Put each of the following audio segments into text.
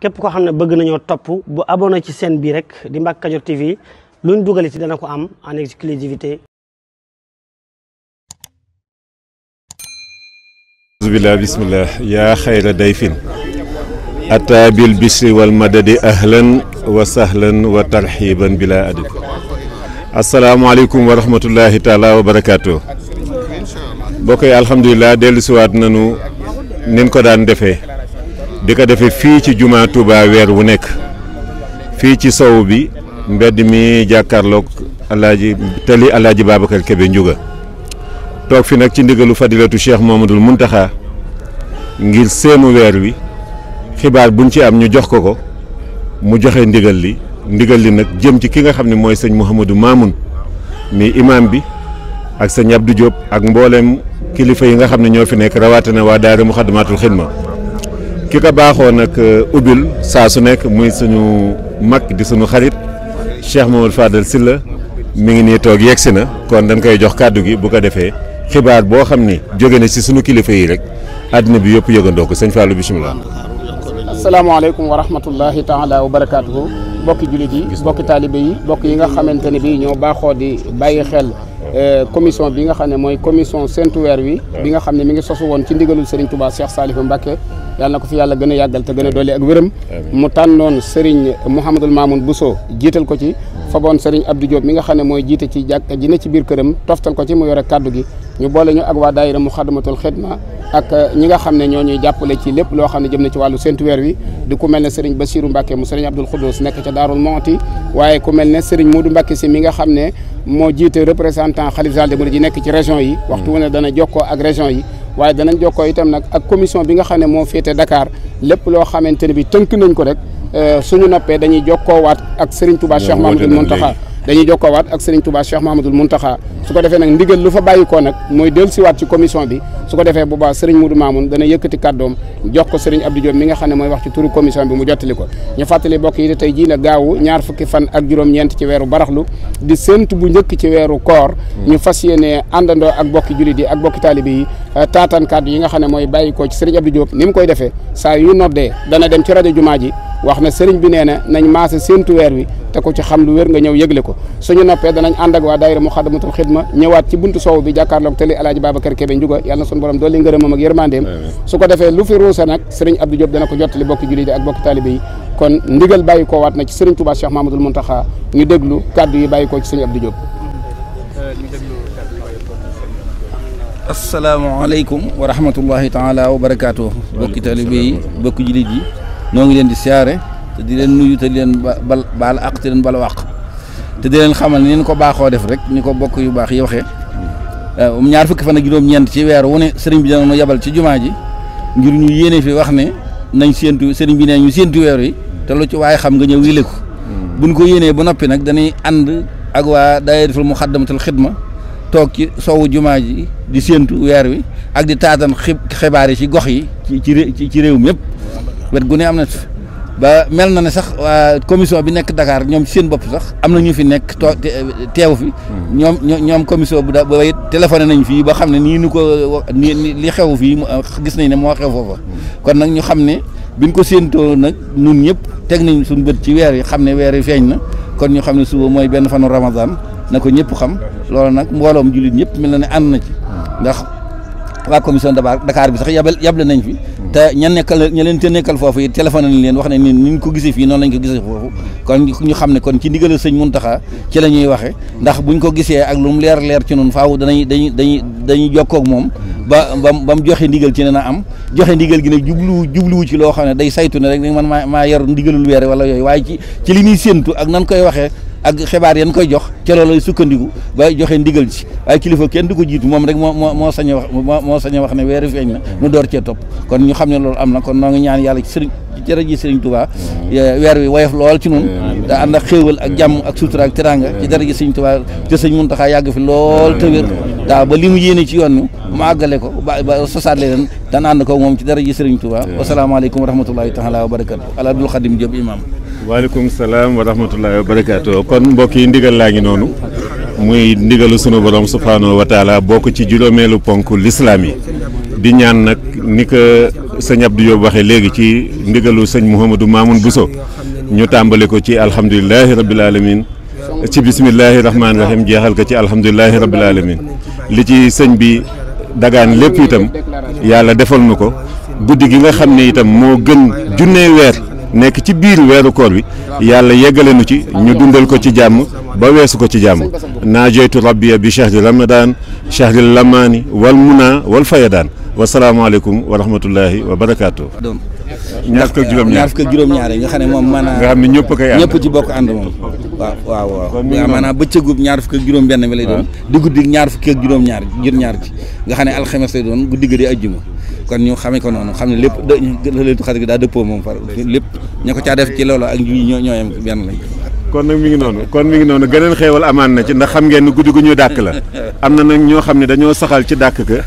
képp koo xam ne bëgg nañoo topp bu abonné ci chaîne bii rek di Mbacke Kadior TV luñ dugal ci dana ko am exclusivité bismillah yaa xayra dayfin ataa bil bishri wal madadi ahlan wa sahlan wa tarxiban bila adab asalaamaaleykum wa rahmatullahi taala wa barakaatu bokk yi alhamdulilah dellu nanu nin ko daan defee di ko defee fii ci jumaa Touba weer wu nekk fii ci sow bi mbedd mi jàkkaarloog alaaji tali alaaji Babacar Kebe njuga toog fi nag ci ndigalu fadilatu Cheikh Mouhamadoul Mountakha ngir seenu weer wi xibaar buñ ci am ñu jox ko ko mu joxe ndigal li ndigal li nag jëm ci ki nga xam ne mooy sëñ Mouhamadou Mamoun mi imam bi ak sa sëñ du Diop ak mboolem kilifa yi nga xam ne ñoo fi nekk rawatina waa daara Muxaddamatul Xidma ki ko baaxoo nag euh, ubbil saa su nekk muy suñu mag di suñu xarit Cheikh Mamadou Fadal Sylla mu ngi nii toog yegsi na kon dañ koy jox kàddu gi bu ko defee xibaar boo xam ni jóge na si suñu kilifa yi rek àddina bi yëpp yëgandoo ko sëñ Fallou bisimilah. asalaamaaleykum wa rahmatullahi taala wa barakaatuhu bokki jullit yi bokki taalibe yi bokk yi nga xamante ne bii ñoo baaxoo di bàyyi xel. Euh, commission bi nga xam ne mooy commission séntu weer wi. bi nga xam ne ngi sosu woon ci ndigalul Serigne Touba Cheikh Salif Mbacké yàlla ko fi yàlla gën a yàggal te gën a dolli ak wéram mu tànnoon Serigne Mouhamadul Mamoun Bousso jiital ko ci faboon Serigne Abdou Diop mi nga xam ne mooy jiite ci jàkka ji ne ci biir këram toftal ko ci mu kàddu gi ñu boole ak waa daayira mu xadamatul xidma ak ñi nga xam ne ñoo ñuy jàppale ci lépp loo xam ne jëm na ci wàllu séntu weer wi di ku mel ne Serigne Bassirou Mbacke mu Serigne Abdoul Khoudous nekk ca Daarul Monti waaye ku mel ne Serigne Modou Mbacke si mi nga xam ne moo jiite représentant xalif général des mourides yi nekk ci région yi waxtu wu ne dana jokkoo ak région yi waaye danañ jokkoo itam nag ak commission bi nga xam ne moo féete Dakar lépp loo xamante ne bi tënk nañ ko rek euh, suñu noppee dañuy jokkoowaat ak Serigne Touba Cheikh Mamadou Mountakha dañuy jokkoowaat ak Serigne Touba Cheikh Mahamadul Muntaxa su ko defee nag ndigal lu fa bàyyikoo nag mooy dellu siwaat ci commission bi su ko defee bu baax Serigne Moudou Mamoun dana yëkkati kàddoom jox ko Serigne Abdou Diop mi nga xam ne mooy wax ci turu commission bi mu jottali ko ñu fàttali bokk yi tey jii la gaawu ñaar fukki fan ak juróom-ñeent ci weeru baraxlu di séntu bu njëkk ci weeru koor ñu fas yéene àndandoo ak bokki julit yi ak bokki taalibe yi euh, taataan kàddu yi nga xam ne mooy bàyyikoo ci Serigne Abdou ni mu koy defee saa yu noddee dana dem ci rajo jumaa ji wax ne sëriñ bi nee na nañ maase séentu weer wi te ko ci xam lu wér nga ñëw yëgle ko suñu noppee danañ ànd ak waa daayira Muxaddamatul Xidma ñëwaat ci buntu soow bi jàkkaarloog tali alaaji Babacar Kébé Ndiouga yàlla na suñu borom dolli ngërëmam ak yërmandeem su ko defee lu fi ruusa nag sëriñ Abdou Diop dana ko jottali bokki jullit yi ak bokki taalibe yi kon ndigal bàyyi koo waat na ci sëriñ Touba Cheikh Mahamadoul Mountakha ñu déglu kàddu yi bàyyi koo ci sëriñ Abdou Diop asalaamaaleykum wa rahmatullahi taala noo ngi leen di siyaare te di leen nuyu te di leen bal baal àq te leen bala wàq te di leen xamal ni ñu ko baaxoo def rek ni ko bokk yu baax yi waxee euh, um ñaar fukki fan ak juróom-ñeent ci weer wu ne bi dana nu yabal ci jumaa ji ñu yéene fi wax ne nañ séentu sëriñ bi ne ñu séentu weer yi te lu ci waaye xam nga ñëw yile ko buñ ko yéenee ba noppi nag dañuy ànd ak waa mu daayiratul muxaddamatul xidma toog ci soowu jumaa ji di séentu weer wi ak di taatan xibaar yi ci gox yi ci ci réew mi yëpp wet gu ne am na ba mel na ne sax commission bi nekk dakaar ñoom seen bopp sax am na ñu fi nekk too teew fi. Hmm. ñoom ñoom commission bu da ba it téléphoné nañ fii ba xam ne nii ni ko nii li xew fii gis nañ ne moo xew foofa. Hmm. kon nag ñu xam ne biñ ko séentoo nag nun ñëpp teg nañ suñu bët ci weer yi xam ne weer yi feeñ na kon ñu xam ne suba mooy benn fanu Ramadan na ko ñëpp xam hmm. loolu nag mbooloom jullit ñëpp mel na ne ànd na ci ndax. waa commission Dakar bi sax yabal yable nañ fi te ña nekkal ña leen te nekkal foofu it téléphoné nañ leen wax ne ni ñu ko gisee fii noonu lañ ko gisee foofu kon ñu xam ne kon ci ndigal sëñ Muntaxa ci la ñuy waxe ndax ñu ko gisee ak lu mu leer leer ci noonu faaw danañ dañ dañu dañuy jokkoo ak moom ba ba ba mu joxe ndigal ci ne na am joxe ndigal gi ne jubluwu jubluwu ci loo xam ne day saytu ne rek man maa maa yor ndigalul weer wala yooyu waaye ci ci li ñuy séentu ak nan koy waxee ak xibaar yan koy jox ca loolay sukkandiku ba joxe ndigal ci waaye kilifa kenn du ko jiitu moom rek moo moo sañ a wax moo sañ a wax ne weeru feeñ na nu door cee topp kon ñu xam ne loolu am na kon noo ngi ñaan yàlla ci sëriñ jërëjëf sëriñ Touba weer wi woyof lool ci nun da ànd ak xéewal ak jàmm ak sutura ak teraanga ci dara ji sëriñ Touba te sëñ Muntaxa yàgg fi lool te wér waaw ba li mu yéene ci yoon mu àggale ko ba ba sosaat leen ànd ko moom ci dara ji Serigne Touba wasalaamaaleykum wa rahmatulahi taala wa barakatu aladul xadim Diop imam waaleykum salaam wa rahmatulahi wa barakatu kon mbokk yi ndigal laa ngi noonu muy ndigalu sunu borom subhaanahu wa taala bokk ci juróomeelu ponk lislaam yi di ñaan nag ni ko sëñ Abdou Diop waxee léegi ci ndigalu sëñ Mouhamadou Mamoun Bousso ñu tàmbali ko ci alhamdulilahi rabil alamin ci bismillahi rahmaani rahim jeexal ko ci alhamdulilahi rabil alamin li ci sëñ bi dagaan lépp itam yàlla defal na ko guddi gi nga xam ne itam moo gën junnee weer nekk ci biir weeru koor bi yàlla yeggale nu ci ñu dundal ko ci jàmm ba weesu ko ci jàmm naajeytu rabbiya bi chahri ramadan chahri lamaani wal muna wal fayadaan wasalaamaaleykum wa rahmatullahi wa barakaatu. ñaar fukk ak juróom-ñaar ñaar fukk ak juróom-ñaar yi nga xam ne moom maanaam. nga xam a koy ànd ci bokk ànd waaw waaw waaw maanaam bëccëgu ñaar fukk ak juróom benn bi lay doon di guddi ñaar fukk ak juróom ñaar jur ñaar ji nga xam ne alxames lay doon guddi ga di ajjuma kon ñu xamee ko noonu xam ne lépp lëleetu xarit daa dëppoo moom far lépp ña ko caa def ci ñoo ñooyam benn nag mi ngi noonu kon mi ngi noonu gëneen xéewal amaan na ci ndax xam ngeen ne guddi am na nag ñoo xam ne dañoo saxal ci dàkk ga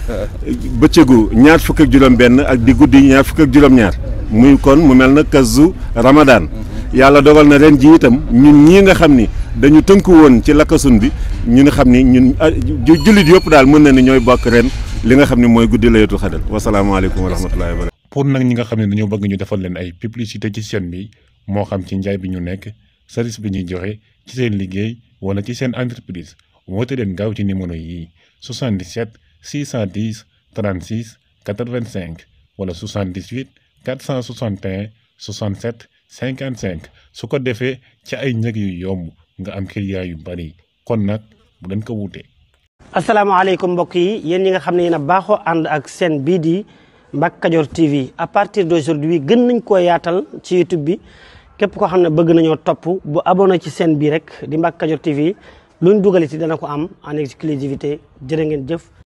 bëccëgu ñaar fukk ak benn ak di guddi ñaar fukk ak juróom ñaar muy kon mu mel na kazu ramadan yàlla dogal na ren ji itam ñun ñii nga xam ni dañu tënku woon ci lakkasun bi ñu nga xam ni ñun ah, jullit yëpp daal mën na ni ñooy bokk ren li nga xam ni mooy guddi layatul xadal wasalaamaaleykum wa rahmatullahi wa barakatu pour nag ñi nga xam ne dañoo bëgg ñu ay publicité ci seen bi moo xam ci njaay bi ñu nekk service bi ñuy joxe ci seen liggéey wala ci seen entreprise woote leen gaaw ci numéro yii 77 610 36 85 wala 78 461 67 cinquante cinq su ko defee ci ay njëg yu yomb nga am client yu bari kon nag bu dañ ko wuute. asalaamaaleykum mbokk yi yéen ñi nga xam ne yéen na baaxoo ànd ak seen bii di Mbacke Kadior TV à partir d'aujourd'hui gën nañ ko yaatal ci YouTube bi képp koo xam ne bëgg nañoo topp bu abonné ci seen bii rek di Mbacke Kadior TV luñ dugal ci dana ko am en exclusivité jërë ngeen jëf.